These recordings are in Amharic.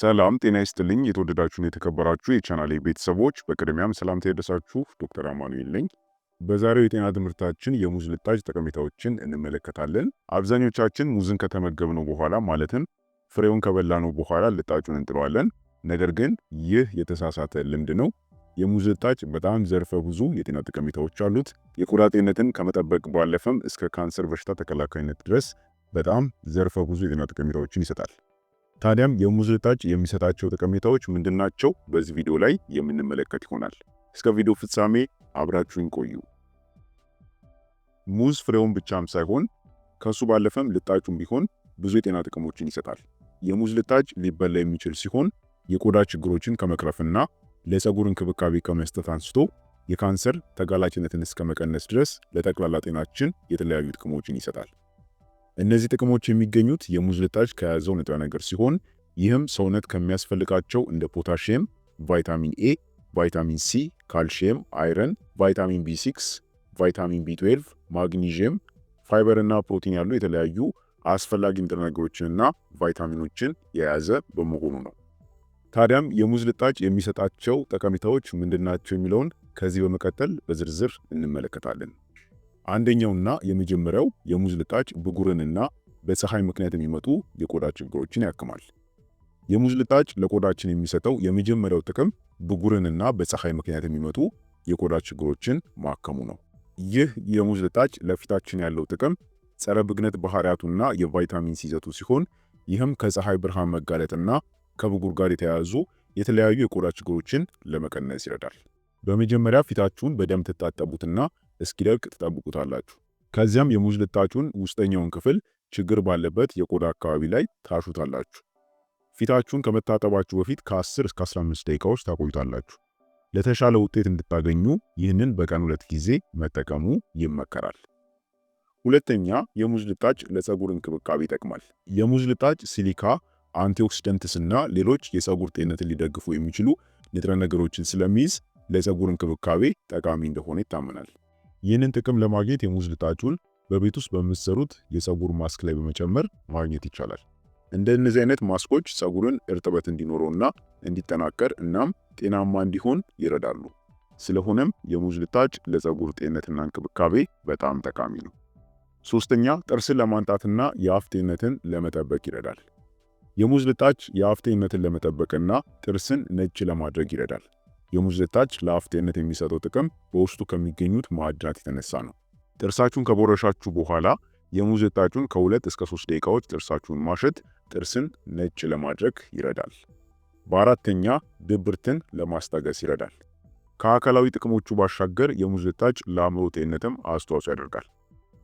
ሰላም ጤና ይስጥልኝ። የተወደዳችሁን የተከበራችሁ የቻናሌ ቤተሰቦች በቅድሚያም ሰላም ይድረሳችሁ። ዶክተር አማኑኤል ነኝ። በዛሬው የጤና ትምህርታችን የሙዝ ልጣጭ ጠቀሜታዎችን እንመለከታለን። አብዛኞቻችን ሙዝን ከተመገብነው በኋላ ማለትም ፍሬውን ከበላነው በኋላ ልጣጩን እንጥለዋለን። ነገር ግን ይህ የተሳሳተ ልምድ ነው። የሙዝ ልጣጭ በጣም ዘርፈ ብዙ የጤና ጠቀሜታዎች አሉት። የቆዳ ጤንነትን ከመጠበቅ ባለፈም እስከ ካንሰር በሽታ ተከላካይነት ድረስ በጣም ዘርፈ ብዙ የጤና ጠቀሜታዎችን ይሰጣል። ታዲያም የሙዝ ልጣጭ የሚሰጣቸው ጠቀሜታዎች ምንድናቸው? በዚህ ቪዲዮ ላይ የምንመለከት ይሆናል። እስከ ቪዲዮ ፍጻሜ አብራችሁን ቆዩ። ሙዝ ፍሬውን ብቻም ሳይሆን ከሱ ባለፈም ልጣጩም ቢሆን ብዙ የጤና ጥቅሞችን ይሰጣል። የሙዝ ልጣጭ ሊበላ የሚችል ሲሆን የቆዳ ችግሮችን ከመቅረፍና ለፀጉር እንክብካቤ ከመስጠት አንስቶ የካንሰር ተጋላጭነትን እስከ መቀነስ ድረስ ለጠቅላላ ጤናችን የተለያዩ ጥቅሞችን ይሰጣል። እነዚህ ጥቅሞች የሚገኙት የሙዝ ልጣጭ ከያዘው ንጥረ ነገር ሲሆን ይህም ሰውነት ከሚያስፈልጋቸው እንደ ፖታሽየም፣ ቫይታሚን ኤ፣ ቫይታሚን ሲ፣ ካልሽየም፣ አይረን፣ ቫይታሚን ቢ6፣ ቫይታሚን ቢ12፣ ማግኒዥየም፣ ፋይበር እና ፕሮቲን ያሉ የተለያዩ አስፈላጊ ንጥረ ነገሮችንና ቫይታሚኖችን የያዘ በመሆኑ ነው። ታዲያም የሙዝ ልጣጭ የሚሰጣቸው ጠቀሜታዎች ምንድናቸው የሚለውን ከዚህ በመቀጠል በዝርዝር እንመለከታለን። አንደኛውና የመጀመሪያው የሙዝ ልጣጭ ብጉርንና በፀሐይ ምክንያት የሚመጡ የቆዳ ችግሮችን ያክማል። የሙዝ ልጣጭ ለቆዳችን የሚሰጠው የመጀመሪያው ጥቅም ብጉርንና በፀሐይ ምክንያት የሚመጡ የቆዳ ችግሮችን ማከሙ ነው። ይህ የሙዝ ልጣጭ ለፊታችን ያለው ጥቅም ጸረ ብግነት ባህሪያቱና የቫይታሚን ሲ ይዘቱ ሲሆን ይህም ከፀሐይ ብርሃን መጋለጥና ከብጉር ጋር የተያያዙ የተለያዩ የቆዳ ችግሮችን ለመቀነስ ይረዳል። በመጀመሪያ ፊታችሁን በደንብ ትታጠቡትና እስኪደርቅ ትጠብቁታላችሁ። ከዚያም የሙዝ ልጣጩን ውስጠኛውን ክፍል ችግር ባለበት የቆዳ አካባቢ ላይ ታሹታላችሁ። ፊታችሁን ከመታጠባችሁ በፊት ከ10 እስከ 15 ደቂቃዎች ታቆዩታላችሁ። ለተሻለ ውጤት እንድታገኙ ይህንን በቀን ሁለት ጊዜ መጠቀሙ ይመከራል። ሁለተኛ የሙዝ ልጣጭ ለፀጉር እንክብካቤ ይጠቅማል። የሙዝ ልጣጭ ሲሊካ፣ አንቲኦክሲደንትስ እና ሌሎች የፀጉር ጤንነትን ሊደግፉ የሚችሉ ንጥረ ነገሮችን ስለሚይዝ ለፀጉር እንክብካቤ ጠቃሚ እንደሆነ ይታመናል። ይህንን ጥቅም ለማግኘት የሙዝ ልጣጩን በቤት ውስጥ በምትሰሩት የፀጉር ማስክ ላይ በመጨመር ማግኘት ይቻላል። እንደነዚህ አይነት ማስኮች ፀጉርን እርጥበት እንዲኖረውና እንዲጠናከር እናም ጤናማ እንዲሆን ይረዳሉ። ስለሆነም የሙዝ ልጣጭ ለፀጉር ጤንነትና እንክብካቤ በጣም ጠቃሚ ነው። ሶስተኛ፣ ጥርስን ለማንጣትና የአፍ ጤንነትን ለመጠበቅ ይረዳል። የሙዝ ልጣጭ የአፍ ጤንነትን ለመጠበቅና ጥርስን ነጭ ለማድረግ ይረዳል። የሙዝ ልታጭ ለአፍ ጤንነት የሚሰጠው ጥቅም በውስጡ ከሚገኙት ማዕድናት የተነሳ ነው። ጥርሳችሁን ከቦረሻችሁ በኋላ የሙዝ ልጣጩን ከሁለት እስከ ሶስት ደቂቃዎች ጥርሳችሁን ማሸት ጥርስን ነጭ ለማድረግ ይረዳል። በአራተኛ ድብርትን ለማስታገስ ይረዳል። ከአካላዊ ጥቅሞቹ ባሻገር የሙዝ ልጣጭ ለአእምሮ ጤንነትም አስተዋጽኦ ያደርጋል።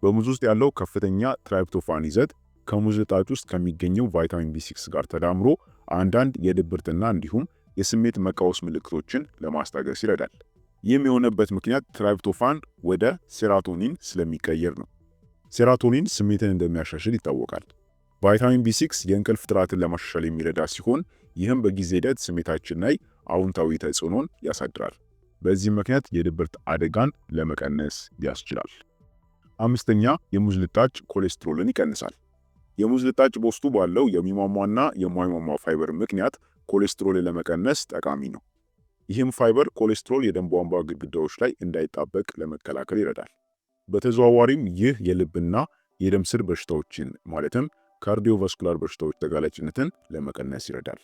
በሙዝ ውስጥ ያለው ከፍተኛ ትራይፕቶፋን ይዘት ከሙዝ ልጣጭ ውስጥ ከሚገኘው ቫይታሚን ቢ6 ጋር ተዳምሮ አንዳንድ የድብርትና እንዲሁም የስሜት መቃወስ ምልክቶችን ለማስታገስ ይረዳል። ይህም የሆነበት ምክንያት ትራይፕቶፋን ወደ ሴራቶኒን ስለሚቀየር ነው። ሴራቶኒን ስሜትን እንደሚያሻሽል ይታወቃል። ቫይታሚን ቢ6 የእንቅልፍ ጥራትን ለማሻሻል የሚረዳ ሲሆን ይህም በጊዜ ሂደት ስሜታችን ላይ አውንታዊ ተጽዕኖን ያሳድራል። በዚህም ምክንያት የድብርት አደጋን ለመቀነስ ያስችላል። አምስተኛ የሙዝ ልጣጭ ኮሌስትሮልን ይቀንሳል። የሙዝ ልጣጭ በውስጡ ባለው የሚሟሟና የማይሟሟ ፋይበር ምክንያት ኮሌስትሮልን ለመቀነስ ጠቃሚ ነው። ይህም ፋይበር ኮሌስትሮል የደም ቧንቧ ግድግዳዎች ላይ እንዳይጣበቅ ለመከላከል ይረዳል። በተዘዋዋሪም ይህ የልብና የደም ስር በሽታዎችን ማለትም ካርዲዮቫስኩላር በሽታዎች ተጋላጭነትን ለመቀነስ ይረዳል።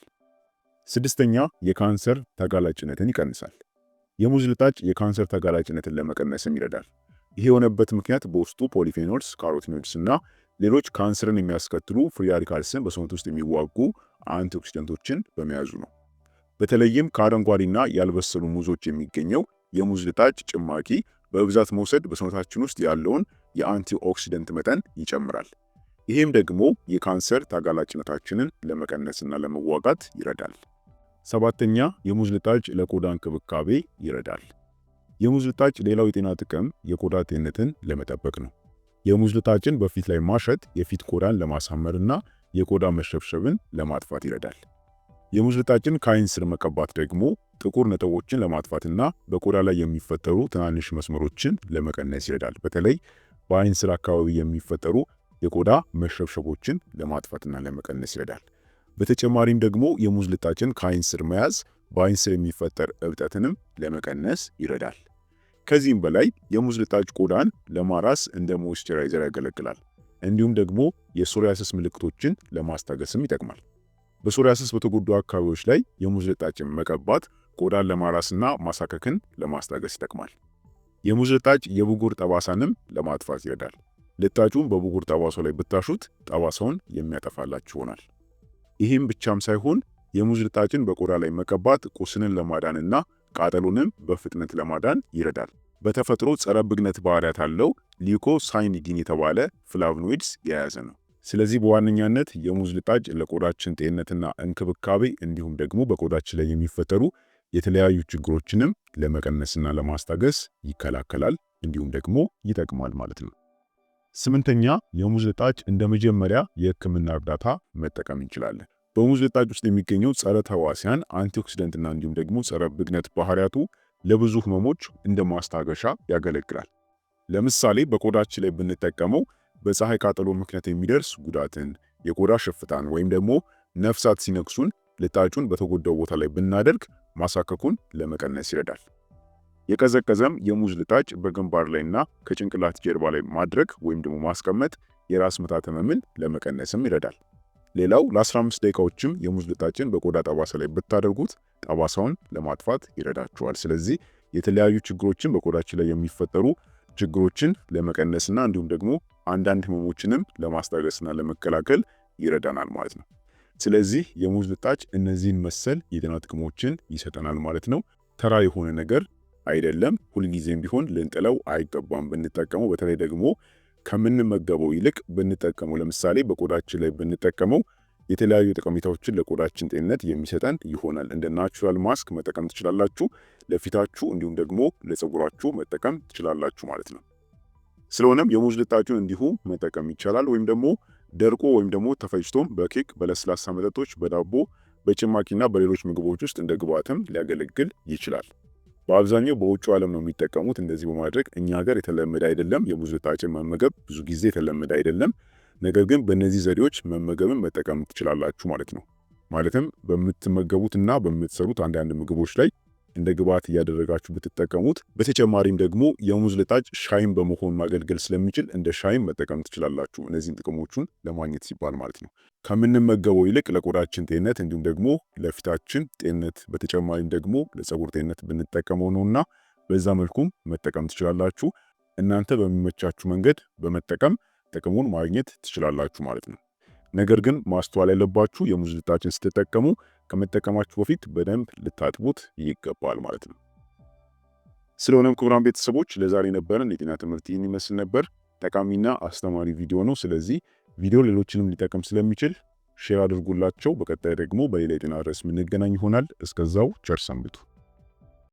ስድስተኛ የካንሰር ተጋላጭነትን ይቀንሳል። የሙዝ ልጣጭ የካንሰር ተጋላጭነትን ለመቀነስም ይረዳል። ይህ የሆነበት ምክንያት በውስጡ ፖሊፌኖልስ፣ ካሮቲኖይድስ እና ሌሎች ካንሰርን የሚያስከትሉ ፍሪ ራዲካልስን በሰውነት ውስጥ የሚዋጉ አንቲኦክሲደንቶችን በመያዙ ነው። በተለይም ከአረንጓዴና ያልበሰሉ ሙዞች የሚገኘው የሙዝ ልጣጭ ጭማቂ በብዛት መውሰድ በሰውነታችን ውስጥ ያለውን የአንቲኦክሲደንት መጠን ይጨምራል። ይህም ደግሞ የካንሰር ተጋላጭነታችንን ለመቀነስና ለመዋጋት ይረዳል። ሰባተኛ የሙዝ ልጣጭ ለቆዳ እንክብካቤ ይረዳል። የሙዝ ልጣጭ ሌላው የጤና ጥቅም የቆዳ ጤንነትን ለመጠበቅ ነው። የሙዝ ልጣጭን በፊት ላይ ማሸት የፊት ቆዳን ለማሳመርና የቆዳ መሸብሸብን ለማጥፋት ይረዳል። የሙዝ ልጣጭን ከአይን ስር መቀባት ደግሞ ጥቁር ነጥቦችን ለማጥፋትና በቆዳ ላይ የሚፈጠሩ ትናንሽ መስመሮችን ለመቀነስ ይረዳል። በተለይ በአይን ስር አካባቢ የሚፈጠሩ የቆዳ መሸብሸቦችን ለማጥፋትና ለመቀነስ ይረዳል። በተጨማሪም ደግሞ የሙዝ ልጣጭን ከአይን ስር መያዝ በአይን ስር የሚፈጠር እብጠትንም ለመቀነስ ይረዳል። ከዚህም በላይ የሙዝ ልጣጭ ቆዳን ለማራስ እንደ ሞይስቸራይዘር ያገለግላል። እንዲሁም ደግሞ የሶሪያሲስ ምልክቶችን ለማስታገስም ይጠቅማል። በሶሪያሲስ በተጎዱ አካባቢዎች ላይ የሙዝ ልጣጭን መቀባት ቆዳን ለማራስና ማሳከክን ለማስታገስ ይጠቅማል። የሙዝ ልጣጭ የብጉር ጠባሳንም ለማጥፋት ይረዳል። ልጣጩን በብጉር ጠባሳው ላይ ብታሹት ጠባሳውን የሚያጠፋላችሁ ይሆናል። ይህም ብቻም ሳይሆን የሙዝ ልጣጭን በቆዳ ላይ መቀባት ቁስንን ለማዳንና ቃጠሎንም በፍጥነት ለማዳን ይረዳል። በተፈጥሮ ጸረ ብግነት ባህሪያት አለው ሊኮሳይኒዲን የተባለ ፍላቭኖይድስ የያዘ ነው። ስለዚህ በዋነኛነት የሙዝ ልጣጭ ለቆዳችን ጤንነትና እንክብካቤ እንዲሁም ደግሞ በቆዳችን ላይ የሚፈጠሩ የተለያዩ ችግሮችንም ለመቀነስና ለማስታገስ ይከላከላል እንዲሁም ደግሞ ይጠቅማል ማለት ነው። ስምንተኛ የሙዝ ልጣጭ እንደ መጀመሪያ የህክምና እርዳታ መጠቀም እንችላለን። በሙዝ ልጣጭ ውስጥ የሚገኘው ጸረ ተዋሲያን አንቲኦክሲደንትና እንዲሁም ደግሞ ጸረ ብግነት ባህሪያቱ ለብዙ ህመሞች እንደ ማስታገሻ ያገለግላል። ለምሳሌ በቆዳችን ላይ ብንጠቀመው በፀሐይ ቃጠሎ ምክንያት የሚደርስ ጉዳትን፣ የቆዳ ሽፍታን ወይም ደግሞ ነፍሳት ሲነክሱን ልጣጩን በተጎዳው ቦታ ላይ ብናደርግ ማሳከኩን ለመቀነስ ይረዳል። የቀዘቀዘም የሙዝ ልጣጭ በግንባር ላይና ከጭንቅላት ጀርባ ላይ ማድረግ ወይም ደግሞ ማስቀመጥ የራስ ምታት ህመምን ለመቀነስም ይረዳል። ሌላው ለ15 ደቂቃዎችም የሙዝ ልጣጭን በቆዳ ጠባሳ ላይ ብታደርጉት ጠባሳውን ለማጥፋት ይረዳችኋል። ስለዚህ የተለያዩ ችግሮችን በቆዳችን ላይ የሚፈጠሩ ችግሮችን ለመቀነስና እንዲሁም ደግሞ አንዳንድ ህመሞችንም ለማስታገስና ለመከላከል ይረዳናል ማለት ነው። ስለዚህ የሙዝ ልጣጭ እነዚህን መሰል የጤና ጥቅሞችን ይሰጠናል ማለት ነው። ተራ የሆነ ነገር አይደለም። ሁልጊዜም ቢሆን ልንጥለው አይገባም። ብንጠቀመው በተለይ ደግሞ ከምንመገበው ይልቅ ብንጠቀመው፣ ለምሳሌ በቆዳችን ላይ ብንጠቀመው የተለያዩ ጠቀሜታዎችን ለቆዳችን ጤንነት የሚሰጠን ይሆናል። እንደ ናቹራል ማስክ መጠቀም ትችላላችሁ፣ ለፊታችሁ እንዲሁም ደግሞ ለፀጉራችሁ መጠቀም ትችላላችሁ ማለት ነው። ስለሆነም የሙዝ ልጣጩን እንዲሁ መጠቀም ይቻላል። ወይም ደግሞ ደርቆ ወይም ደግሞ ተፈጭቶም በኬክ በለስላሳ መጠጦች፣ በዳቦ በጭማቂና በሌሎች ምግቦች ውስጥ እንደ ሊያገለግል ይችላል። በአብዛኛው በውጭ ዓለም ነው የሚጠቀሙት። እንደዚህ በማድረግ እኛ ሀገር የተለመደ አይደለም። የብዙ ታችን መመገብ ብዙ ጊዜ የተለመደ አይደለም። ነገር ግን በእነዚህ ዘዴዎች መመገብን መጠቀም ትችላላችሁ ማለት ነው። ማለትም በምትመገቡትና በምትሰሩት አንዳንድ ምግቦች ላይ እንደ ግብዓት እያደረጋችሁ ብትጠቀሙት፣ በተጨማሪም ደግሞ የሙዝ ልጣጭ ሻይም በመሆን ማገልገል ስለሚችል እንደ ሻይም መጠቀም ትችላላችሁ። እነዚህን ጥቅሞቹን ለማግኘት ሲባል ማለት ነው። ከምንመገበው ይልቅ ለቆዳችን ጤንነት እንዲሁም ደግሞ ለፊታችን ጤንነት በተጨማሪም ደግሞ ለፀጉር ጤንነት ብንጠቀመው ነውና በዛ መልኩም መጠቀም ትችላላችሁ። እናንተ በሚመቻችሁ መንገድ በመጠቀም ጥቅሙን ማግኘት ትችላላችሁ ማለት ነው። ነገር ግን ማስተዋል ያለባችሁ የሙዝ ልጣጭን ስትጠቀሙ ከመጠቀማችሁ በፊት በደንብ ልታጥቡት ይገባል ማለት ነው። ስለሆነም ክቡራን ቤተሰቦች ለዛሬ ነበረን የጤና ትምህርት ይህን ይመስል ነበር። ጠቃሚና አስተማሪ ቪዲዮ ነው። ስለዚህ ቪዲዮ ሌሎችንም ሊጠቅም ስለሚችል ሼር አድርጉላቸው። በቀጣይ ደግሞ በሌላ የጤና ርዕስ የምንገናኝ ይሆናል። እስከዛው ቸር ሰንብቱ።